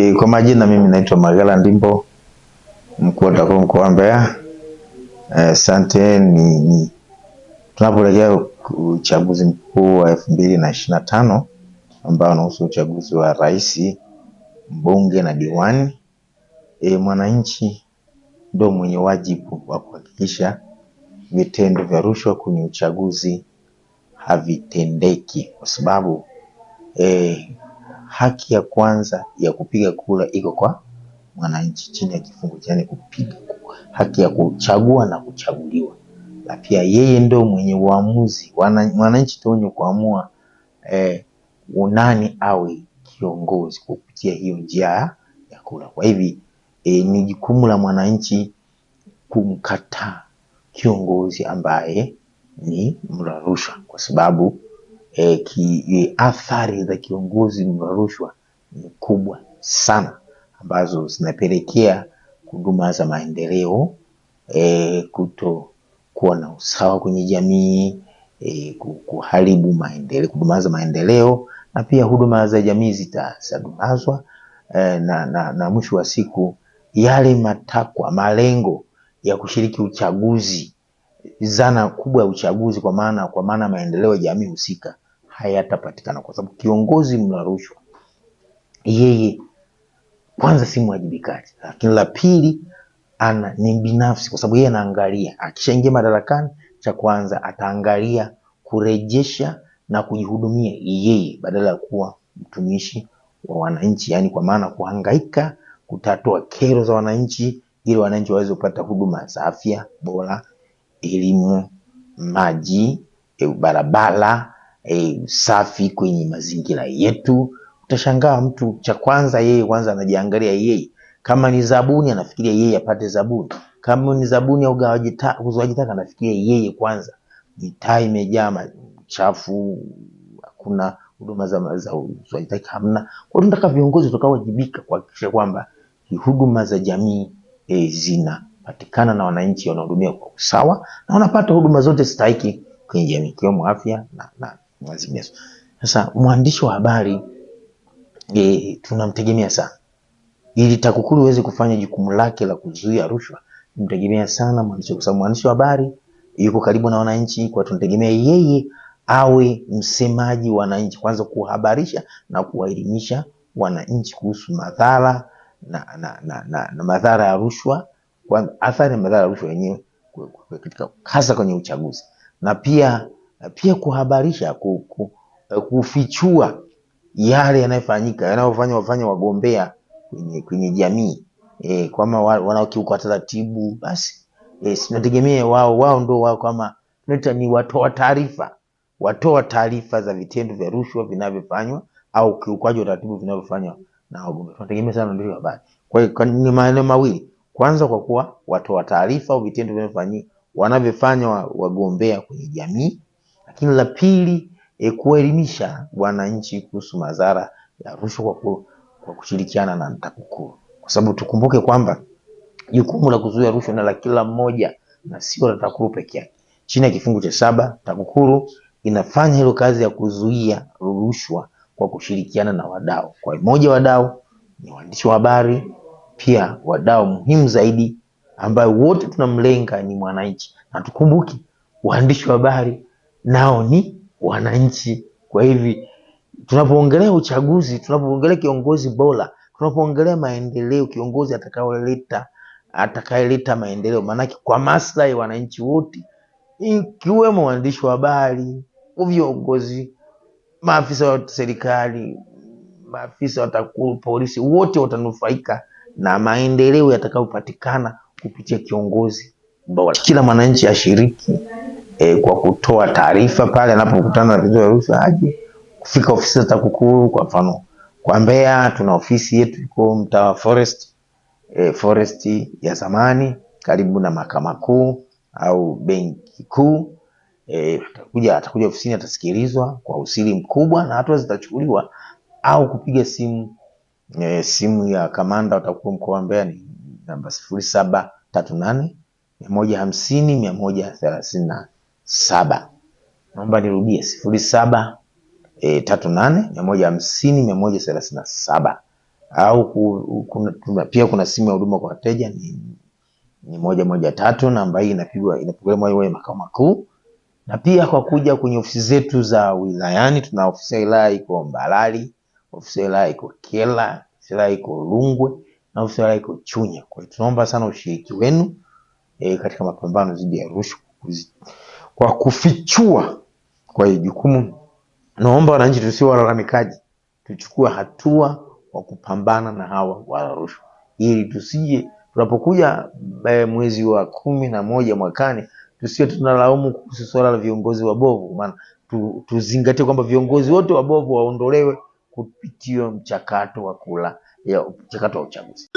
E, kwa majina mimi naitwa Magala Ndimbo, mkuu wa TAKUKURU mkoa wa Mbeya. Eh, asante. E, ni, ni tunapoelekea uchaguzi mkuu wa elfu mbili na ishirini na tano ambao unahusu uchaguzi wa rais, mbunge na diwani. E, mwananchi ndo mwenye wajibu wa kuhakikisha vitendo vya rushwa kwenye uchaguzi havitendeki kwa sababu e, haki ya kwanza ya kupiga kura iko kwa mwananchi chini ya kifungu cha nne, kupiga haki ya kuchagua na kuchaguliwa, na pia yeye ndio mwenye uamuzi. Mwananchi tu mwenye kuamua eh, unani awe kiongozi kupitia hiyo njia ya kura. Kwa hivi eh, ni jukumu la mwananchi kumkataa kiongozi ambaye ni mla rushwa kwa sababu e, ki, e, athari za kiongozi mla rushwa ni kubwa sana, ambazo zinapelekea huduma za maendeleo e, kuto kuwa na usawa kwenye jamii e, kuharibu maendeleo, huduma za maendeleo na pia huduma za jamii zitadumazwa e, na, na, na mwisho wa siku yale matakwa malengo ya kushiriki uchaguzi zana kubwa ya uchaguzi, kwa maana kwa maana maendeleo ya jamii husika hayatapatikana, kwa sababu kiongozi mla rushwa yeye kwanza si mwajibikaji, lakini la pili ana ni binafsi, kwa sababu yeye anaangalia, akishaingia madarakani, cha kwanza ataangalia kurejesha na kujihudumia yeye badala ya kuwa mtumishi wa wananchi, yani kwa maana kuhangaika kutatua kero za wananchi ili wananchi waweze kupata huduma za afya bora elimu, maji, e, barabara, e, usafi kwenye mazingira yetu. Utashangaa mtu cha kwanza yeye kwanza anajiangalia yeye, kama ni zabuni anafikiria yeye apate zabuni, kama ni zabuni au ugawaji taka anafikiria yeye kwanza. Mitaa imejaa chafu, hakuna huduma za, za uzoaji taka hamna. Kwa hiyo tunataka viongozi tukawajibika kuhakikisha kwamba huduma za jamii e, zina patikana na wananchi wanahudumia kwa usawa na wanapata huduma zote stahiki kwenye jamii ikiwemo afya na, na, mazingira. Sasa mwandishi wa habari e, tunamtegemea sana ili TAKUKURU iweze kufanya jukumu lake la kuzuia rushwa, tunamtegemea sana mwandishi, kwa sababu mwandishi wa habari yuko karibu na wananchi, kwa tunategemea yeye awe msemaji wa wananchi, kwanza kuhabarisha na kuwaelimisha wananchi kuhusu madhara na, na, na, na, na madhara ya rushwa kwa athari na madhara ya rushwa yenyewe katika hasa kwenye uchaguzi, na pia pia kuhabarisha ku, ku, eh, kufichua yale yanayofanyika yanayofanya wafanya wagombea kwenye, kwenye jamii e, eh, kama wanaokiuka taratibu basi e, sinategemea wao wao ndio wao kama tunaita ni watoa taarifa watoa taarifa za vitendo vya rushwa vinavyofanywa au ukiukwaji wa taratibu vinavyofanywa na wagombea. Tunategemea sana ndio habari. Kwa hiyo ni maeneo mawili kwanza kwa kuwa watoa taarifa au vitendo vinavyofanyia wanavyofanya wagombea kwenye jamii, lakini la pili e, kuelimisha wananchi kuhusu madhara ya rushwa kwa kwa kushirikiana na TAKUKURU, kwa sababu tukumbuke kwamba jukumu la kuzuia rushwa na la kila mmoja na sio la TAKUKURU peke yake. Chini ya kifungu cha saba TAKUKURU inafanya hilo kazi ya kuzuia rushwa kwa kushirikiana na wadau. Kwa moja, wadau ni waandishi wa habari pia wadau muhimu zaidi ambayo wote tunamlenga ni mwananchi, na tukumbuke waandishi wa habari nao ni wananchi. Kwa hivi tunapoongelea uchaguzi, tunapoongelea kiongozi bora, tunapoongelea maendeleo, kiongozi atakayoleta atakayeleta maendeleo, maanake kwa maslahi wananchi wote, ikiwemo waandishi wa habari, viongozi, maafisa wa serikali, maafisa wa polisi, wote watanufaika na maendeleo yatakayopatikana kupitia kiongozi bora. Kila mwananchi ashiriki e, kwa kutoa taarifa pale anapokutana na vituo vya rushwa, aje kufika ofisi za TAKUKURU. Kwa mfano kwa Mbeya tuna ofisi yetu iko mtaa wa Forest e, Forest ya zamani karibu na mahakama kuu au benki kuu. E, atakuja atakuja ofisini atasikilizwa kwa usiri mkubwa na hatua zitachukuliwa, au kupiga simu E, simu ya kamanda watakuwa mkoa wa Mbeya ni namba sifuri saba tatu nane mia moja hamsini mia moja thelathini na saba. Naomba nirudie sifuri saba e, tatu nane mia moja hamsini mia moja thelathini na saba au kuna, kuna, pia kuna simu ya huduma kwa wateja ni, ni moja moja tatu. Namba hii inapigwa inapigiwa moyo makao makuu, na pia kwa kuja kwenye ofisi zetu za wilayani, tuna ofisi ya wilaya iko mbarali ofisi wilaya iko Kyela, ofisi wilaya iko Rungwe na ofisi wilaya iko Chunya. Kwa hiyo tunaomba sana ushiriki wenu e, katika mapambano dhidi ya rushwa kwa kufichua kwa hiyo jukumu. Naomba wananchi tusiwe walalamikaji, tuchukue hatua wa kupambana na hawa wala rushwa, ili tusije tunapokuja e, mwezi wa kumi na moja mwakani tusiwe tunalaumu kuhusu swala la viongozi wabovu. Maana tuzingatie kwamba viongozi wote wabovu waondolewe kupitia mchakato wa kula ya mchakato wa uchaguzi.